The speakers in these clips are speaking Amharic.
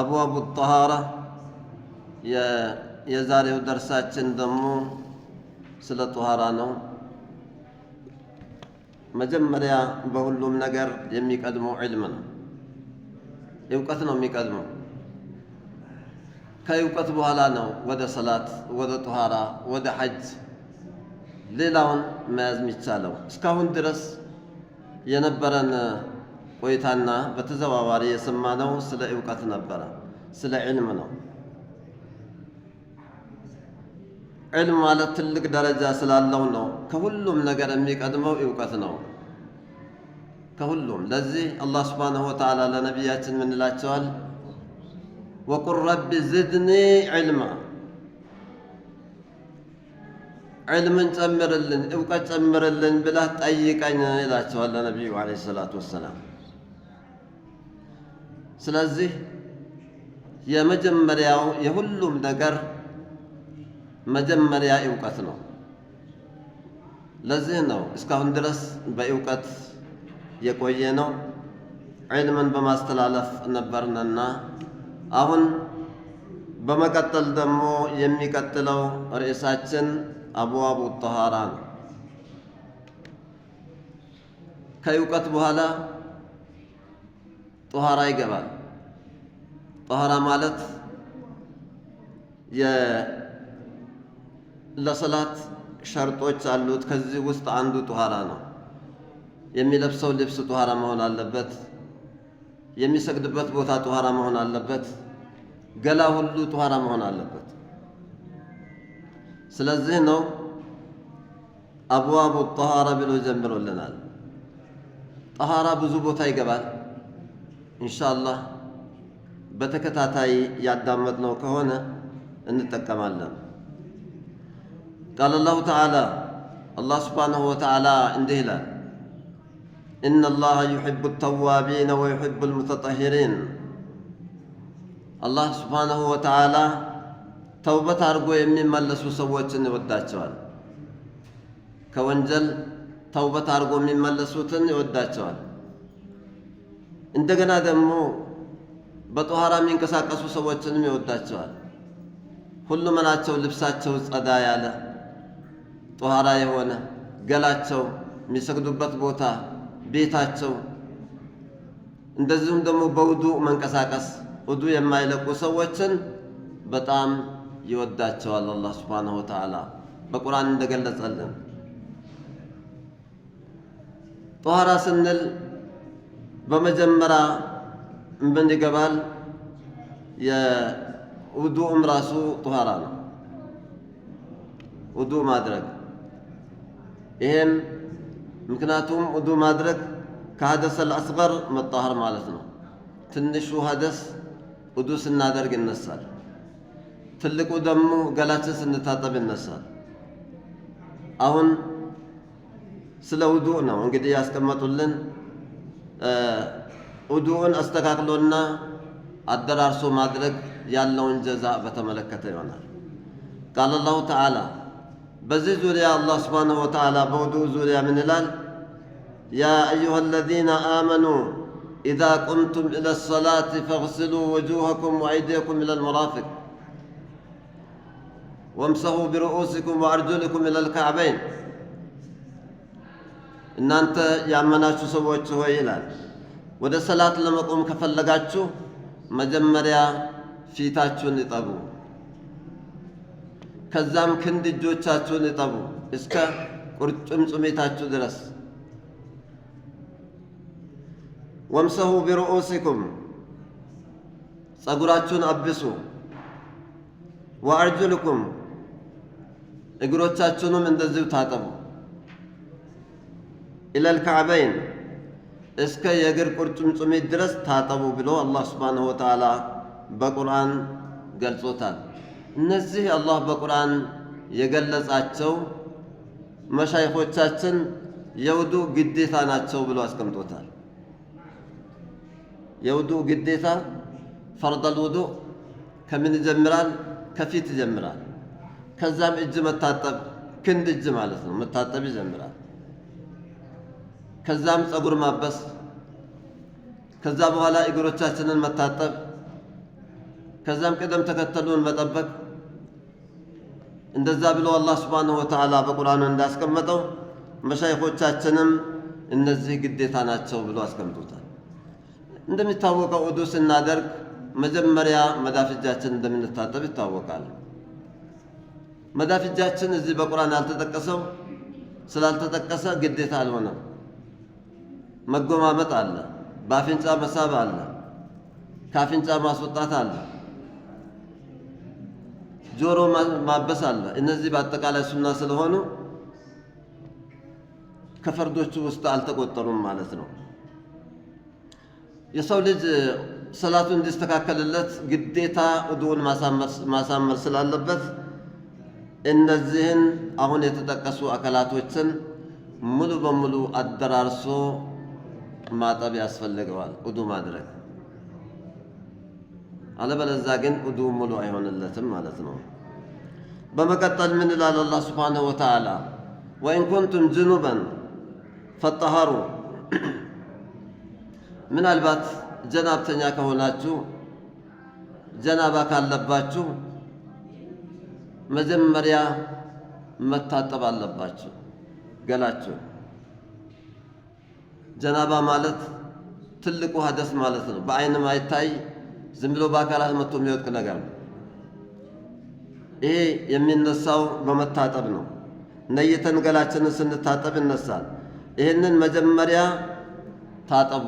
አብዋቡ ጠሃራ የዛሬው ደርሳችን ደግሞ ስለ ጦሃራ ነው። መጀመሪያ በሁሉም ነገር የሚቀድመው ዕልም ነው፣ እውቀት ነው የሚቀድመው። ከእውቀት በኋላ ነው ወደ ሰላት፣ ወደ ጦሃራ፣ ወደ ሐጅ ሌላውን መያዝ የሚቻለው። እስካሁን ድረስ የነበረን ቆይታና በተዘዋዋሪ የሰማነው ስለ እውቀት ነበረ፣ ስለ ዕልም ነው። ዕልም ማለት ትልቅ ደረጃ ስላለው ነው። ከሁሉም ነገር የሚቀድመው እውቀት ነው። ከሁሉም ለዚህ አላህ ስብሓነሁ ወተዓላ ለነቢያችን ምን ይላቸዋል? ወቁል ረቢ ዝድኒ ዕልማ፣ ዕልምን ጨምርልን፣ እውቀት ጨምርልን ብለህ ጠይቀኝ ይላቸዋል ለነቢዩ ዓለይሂ ሰላቱ ወሰላም። ስለዚህ የመጀመሪያው የሁሉም ነገር መጀመሪያ እውቀት ነው። ለዚህ ነው እስካሁን ድረስ በእውቀት የቆየ ነው። ዕልምን በማስተላለፍ ነበርንና አሁን በመቀጠል ደግሞ የሚቀጥለው ርዕሳችን አብዋቡ ጠሃራ ነው። ከእውቀት በኋላ ጠሃራ ይገባል። ጠኋራ ማለት ለሰላት ሸርጦች አሉት። ከዚህ ውስጥ አንዱ ጧኋራ ነው። የሚለብሰው ልብስ ጧኋራ መሆን አለበት። የሚሰግድበት ቦታ ጧኋራ መሆን አለበት። ገላ ሁሉ ጧኋራ መሆን አለበት። ስለዚህ ነው አብዋቡ ጧኋራ ብሎ ጀምሮልናል። ጧኋራ ብዙ ቦታ ይገባል ኢንሻአላህ። በተከታታይ ያዳመጥነው ከሆነ እንጠቀማለን። ቃል አላሁ ተዓላ አላህ ስብሓንሁ ወተዓላ እንዲህ ይላል፣ ኢና ላሃ ዩሕቡ ተዋቢነ ወዩሕቡ ልሙተጠሂሪን። አላህ ስብሓንሁ ወተዓላ ተውበት አድርጎ የሚመለሱ ሰዎችን ይወዳቸዋል። ከወንጀል ተውበት አድርጎ የሚመለሱትን ይወዳቸዋል። እንደገና ደግሞ በጦሃራ የሚንቀሳቀሱ ሰዎችንም ይወዳቸዋል። ሁሉ መናቸው ልብሳቸው ጸዳ ያለ ጦሃራ የሆነ ገላቸው፣ የሚሰግዱበት ቦታ፣ ቤታቸው እንደዚሁም ደግሞ በውዱ መንቀሳቀስ ውዱ የማይለቁ ሰዎችን በጣም ይወዳቸዋል አላህ ሱብሓነሁ ወተዓላ በቁርአን እንደገለጸልን ጦሃራ ስንል በመጀመሪያ ምን ገባል ይገባል። የውዱእም ራሱ ጡሃራ ነው። ውዱእ ማድረግ ይሄም ምክንያቱም ውዱእ ማድረግ ከሀደስ አልአስገር መጣሃር ማለት ነው። ትንሹ ሀደስ ውዱእ ስናደርግ ይነሳል። ትልቁ ደግሞ ገላችን ስንታጠብ ይነሳል። አሁን ስለ ውዱእ ነው እንግዲህ ያስቀመጡልን أدوهن أستكاكلونا أدرار سو مدرك يالون جزاء بتملكة يونا قال الله تعالى بزي زوريا الله سبحانه وتعالى بودو زوريا من الال يا أيها الذين آمنوا إذا كنتم إلى الصلاة فاغسلوا وجوهكم وأيديكم إلى المرافق وامسحوا برؤوسكم وأرجلكم إلى الكعبين إن أنت يا مناش سويت هو إلال إيه ወደ ሰላት ለመቆም ከፈለጋችሁ መጀመሪያ ፊታችሁን ይጠቡ ከዛም ክንድ እጆቻችሁን ይጠቡ እስከ ቁርጭምጭሚታችሁ ድረስ። ወምሰሁ ቢሩኡሲኩም ጸጉራችሁን አብሱ። ወአርጁልኩም እግሮቻችሁንም እንደዚሁ ታጠቡ። ኢለል እስከ የእግር ቁርጭምጭሚት ድረስ ታጠቡ ብሎ አላህ ስብሓንሁ ወተዓላ በቁርአን ገልጾታል። እነዚህ አላህ በቁርአን የገለጻቸው መሻይኾቻችን የውዱ ግዴታ ናቸው ብሎ አስቀምጦታል። የውዱ ግዴታ ፈርደል ውዱ ከምን ይጀምራል? ከፊት ይጀምራል። ከዛም እጅ መታጠብ ክንድ እጅ ማለት ነው መታጠብ ይጀምራል። ከዛም ፀጉር ማበስ፣ ከዛ በኋላ እግሮቻችንን መታጠብ፣ ከዛም ቅደም ተከተሉን መጠበቅ። እንደዛ ብሎ አላህ ስብሓነሁ ወተዓላ በቁርአኑ እንዳስቀመጠው መሻይኾቻችንም እነዚህ ግዴታ ናቸው ብሎ አስቀምጦታል። እንደሚታወቀው ውዱ ስናደርግ መጀመሪያ መዳፍ እጃችን እንደምንታጠብ ይታወቃል። መዳፍ እጃችን እዚህ በቁርአን ያልተጠቀሰው ስላልተጠቀሰ ግዴታ አልሆነም። መጎማመጥ አለ፣ በአፍንጫ መሳብ አለ፣ ከአፍንጫ ማስወጣት አለ፣ ጆሮ ማበስ አለ። እነዚህ በአጠቃላይ ሱና ስለሆኑ ከፈርዶቹ ውስጥ አልተቆጠሩም ማለት ነው። የሰው ልጅ ሰላቱ እንዲስተካከልለት ግዴታ ውዱእን ማሳመር ስላለበት እነዚህን አሁን የተጠቀሱ አካላቶችን ሙሉ በሙሉ አደራርሶ ማጠብ ያስፈልገዋል ኡዱ ማድረግ። አለበለዛ ግን ኡዱ ሙሉ አይሆንለትም ማለት ነው። በመቀጠል ምን ይላል አላህ ስብሓንሁ ወተዓላ ወኢን ኩንቱም ጅኑበን ፈጠሃሩ ምናልባት ጀናብተኛ ከሆናችሁ ጀናባ ካለባችሁ መጀመሪያ መታጠብ አለባችሁ ገላችሁ ጀናባ ማለት ትልቁ ሀደስ ማለት ነው። በአይንም አይታይ ዝም ብሎ በአካላት መጥቶ የሚወድቅ ነገር ነው። ይሄ የሚነሳው በመታጠብ ነው። ነይተን ገላችንን ስንታጠብ ይነሳል። ይህንን መጀመሪያ ታጠቡ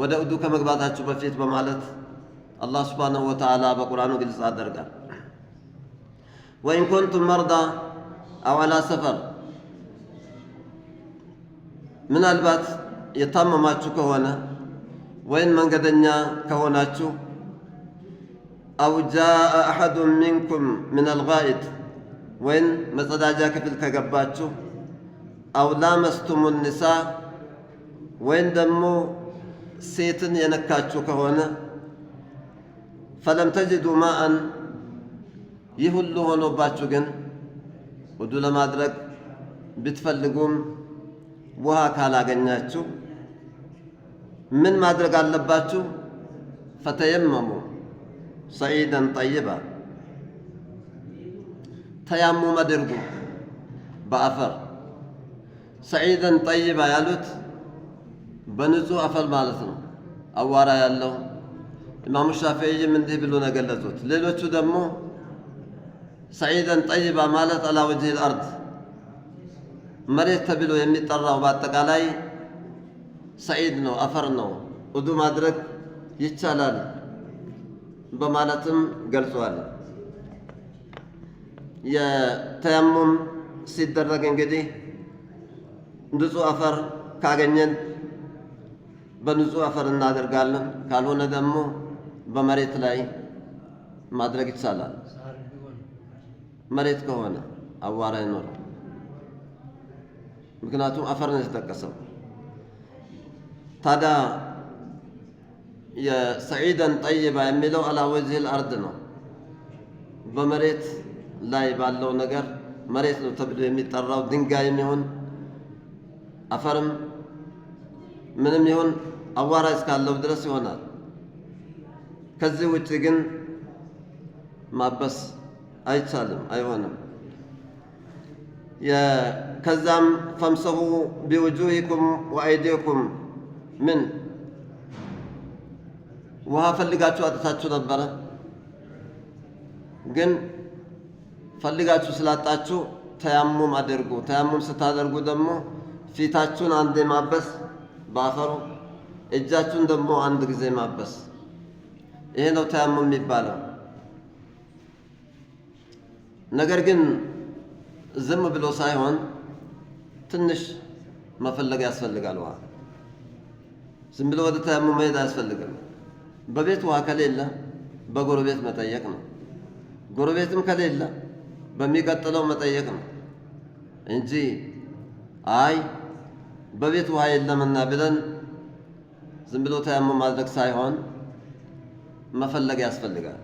ወደ እዱ ከመግባታችሁ በፊት በማለት አላህ ስብሓነሁ ወተዓላ በቁርአኑ ግልጽ አደርጋል። ወኢን ኩንቱም መርዳ አው ሰፈር ምናልባት የታመማችሁ ከሆነ ወይም መንገደኛ ከሆናችሁ አው ጃአ አሐዱ ሚንኩም ምን አልጋኢጥ ወይም መጸዳጃ ክፍል ከገባችሁ አው ላመስቱሙ ኒሳ ወይም ደግሞ ሴትን የነካችሁ ከሆነ ፈለም ተጅዱ ማአን ይህ ሁሉ ሆኖባችሁ ግን ውዱ ለማድረግ ብትፈልጉም ውሃ ካላገኛችሁ ምን ማድረግ አለባችሁ? ፈተየመሙ ሰዒደን ጠይባ ተያሙም አድርጉ በአፈር ሰዒደን ጠይባ ያሉት በንጹህ አፈር ማለት ነው። አዋራ ያለው ኢማሙ ሻፊዒይም እንዲህ ብሎ ነው ገለጹት። ሌሎቹ ደግሞ ሰዒደን ጠይባ ማለት አላ ወጅህ ልአርድ መሬት ተብሎ የሚጠራው በአጠቃላይ ሰዒድ ነው፣ አፈር ነው፣ ውዱ ማድረግ ይቻላል በማለትም ገልጿል። የተያሙም ሲደረግ እንግዲህ ንጹህ አፈር ካገኘን በንጹህ አፈር እናደርጋለን፣ ካልሆነ ደግሞ በመሬት ላይ ማድረግ ይቻላል። መሬት ከሆነ አዋራ ይኖረው ምክንያቱም አፈር ነው የተጠቀሰው። ታዲያ የሰዒደን ጠይባ የሚለው አላ አርድ ነው። በመሬት ላይ ባለው ነገር መሬት ነው ተብሎ የሚጠራው ድንጋይም ይሁን አፈርም ምንም ይሁን አዋራ እስካለው ድረስ ይሆናል። ከዚህ ውጭ ግን ማበስ አይቻልም፣ አይሆንም። ከዛም ፈምሰሁ ቢውጁሂኩም ወአይዲኩም ምን ውሃ ፈልጋችሁ አጥታችሁ ነበረ። ግን ፈልጋችሁ ስላጣችሁ ተያሙም አድርጉ። ተያሙም ስታደርጉ ደግሞ ፊታችሁን አንዴ ማበስ በአፈሩ፣ እጃችሁን ደግሞ አንድ ጊዜ ማበስ። ይሄ ነው ተያሙም የሚባለው ነገር ግን ዝም ብሎ ሳይሆን ትንሽ መፈለግ ያስፈልጋል። ውሃ ዝም ብሎ ወደ ተያሙ መሄድ አያስፈልግም። በቤት ውሃ ከሌለ በጎረቤት መጠየቅ ነው። ጎረቤትም ከሌለ በሚቀጥለው መጠየቅ ነው እንጂ አይ በቤት ውሃ የለምና ብለን ዝም ብሎ ተያሙ ማድረግ ሳይሆን መፈለግ ያስፈልጋል።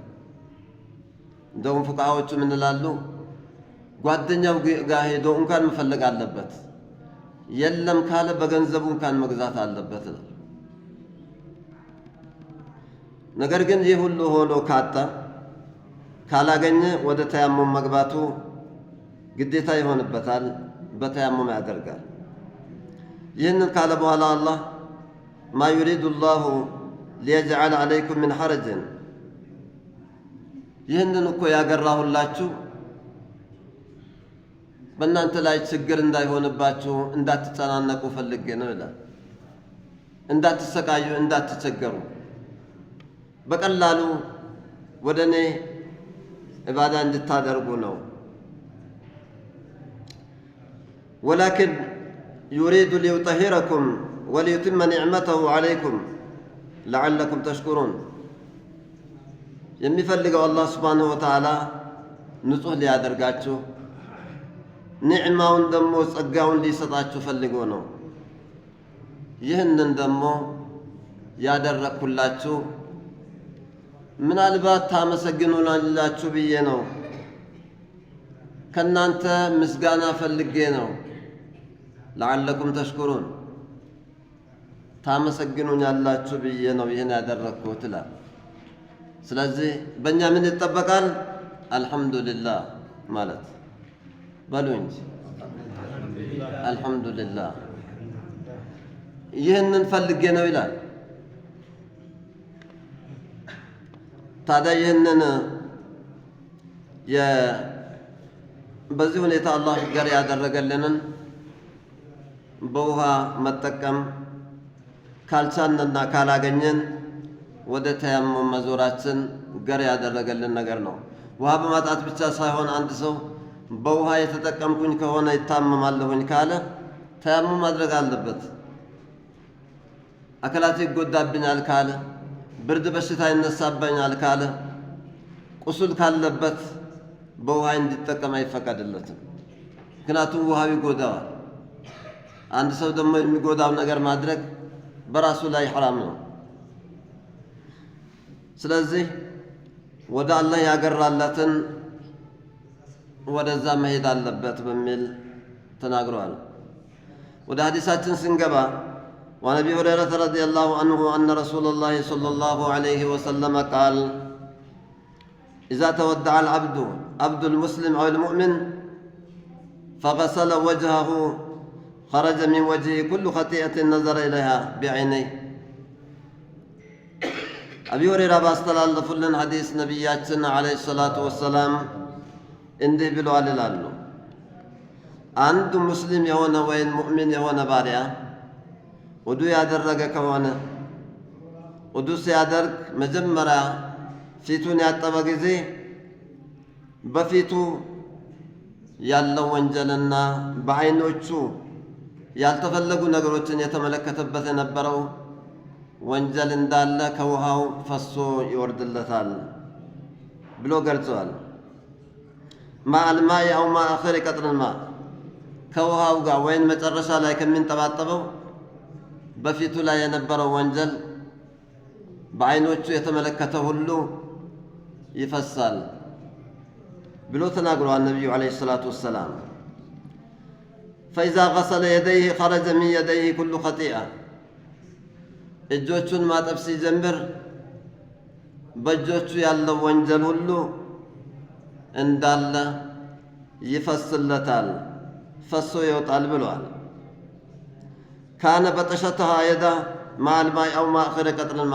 እንደውም ፉቃሃዎቹ ምን ይላሉ? ጓደኛው ጋር ሄዶ እንኳን መፈለግ አለበት። የለም ካለ በገንዘቡ እንኳን መግዛት አለበት። ነገር ግን ይህ ሁሉ ሆኖ ካጣ ካላገኘ ወደ ተያሙም መግባቱ ግዴታ ይሆንበታል። በተያሙም ያደርጋል። ይህንን ካለ በኋላ አላህ ማ ዩሪዱ ላሁ ሊየጅዓል ዓለይኩም ምን ሐረጅን ይህንን እኮ ያገራሁላችሁ በእናንተ ላይ ችግር እንዳይሆንባችሁ እንዳትጨናነቁ ፈልጌ ነው ይላል። እንዳትሰቃዩ፣ እንዳትቸገሩ በቀላሉ ወደ እኔ ዕባዳ እንድታደርጉ ነው። ወላኪን ዩሪዱ ሊዩጠሂረኩም ወሊዩትመ ኒዕመተሁ ዓለይኩም ለዓለኩም ተሽኩሩን። የሚፈልገው አላህ ስብሓነሁ ወተዓላ ንጹሕ ሊያደርጋችሁ ኒዕማውን ደግሞ ጸጋውን ሊሰጣችሁ ፈልጎ ነው። ይህንን ደግሞ ያደረግኩላችሁ ምናልባት ታመሰግኑላችሁ ብዬ ነው። ከእናንተ ምስጋና ፈልጌ ነው። ለዓለኩም ተሽኩሩን ታመሰግኑኛላችሁ ብዬ ነው ይህን ያደረግኩት ላል ስለዚህ በእኛ ምን ይጠበቃል? አልሐምዱሊላህ ማለት በሉ እንጂ አልሐምዱሊላህ ይህንን ፈልጌ ነው ይላል። ታዲያ ይህንን በዚህ ሁኔታ አላህ ገር ያደረገልንን በውሃ መጠቀም ካልቻንና ካላገኘን ወደ ተያሙም መዞራችን ገር ያደረገልን ነገር ነው። ውሃ በማጣት ብቻ ሳይሆን አንድ ሰው በውሃ የተጠቀምኩኝ ከሆነ ይታመማለሁኝ ካለ ተያሙ ማድረግ አለበት። አካላት ይጎዳብኛል ካለ፣ ብርድ በሽታ ይነሳበኛል ካለ፣ ቁስል ካለበት በውሃ እንዲጠቀም አይፈቀድለትም። ምክንያቱም ውሃው ይጎዳዋል። አንድ ሰው ደግሞ የሚጎዳው ነገር ማድረግ በራሱ ላይ ሐራም ነው። ስለዚህ ወደ አላህ ያገራለትን ወደዛ መሄድ አለበት በሚል ተናግረዋል። ወደ ሐዲሳችን ስንገባ وعن ابي هريره رضي الله عنه ان رسول الله صلى الله عليه وسلم قال اذا تودع العبد عبد المسلم او المؤمن فغسل وجهه خرج من وجهه كل خطيئه نظر اليها بعيني ابي هريره باستلال لفلن حديث نبياتنا عليه الصلاه والسلام እንዲህ ብለዋል ይላሉ። አንድ ሙስሊም የሆነ ወይም ሙእሚን የሆነ ባሪያ ውዱ ያደረገ ከሆነ ውዱ ሲያደርግ መጀመሪያ ፊቱን ያጠበ ጊዜ በፊቱ ያለው ወንጀልና በዓይኖቹ ያልተፈለጉ ነገሮችን የተመለከተበት የነበረው ወንጀል እንዳለ ከውሃው ፈሶ ይወርድለታል ብሎ ገልጸዋል። ማአልማይ አው ማ አኸር ማ ከውሃው ጋር ወይም መጨረሻ ላይ ከሚንጠባጠበው በፊቱ ላይ የነበረው ወንጀል በአይኖቹ የተመለከተ ሁሉ ይፈሳል ብሎ ተናግሯል ነቢዩ ዓለይሂ ሰላቱ ወሰላም። ፈኢዛ ገሰለ የደይህ ኸረጀ ሚን የደይህ ኩሉ ኸጢአ እጆቹን ማጠብ ሲጀምር በእጆቹ ያለው ወንጀል ሁሉ እንዳለ ይፈስለታል፣ ፈሶ ይወጣል ብሏል ካነ በጠሸተሃ የዳ ማልማይ አው ማእኸደ ቀጥልማ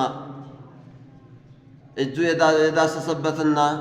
እጁ የዳሰሰበትና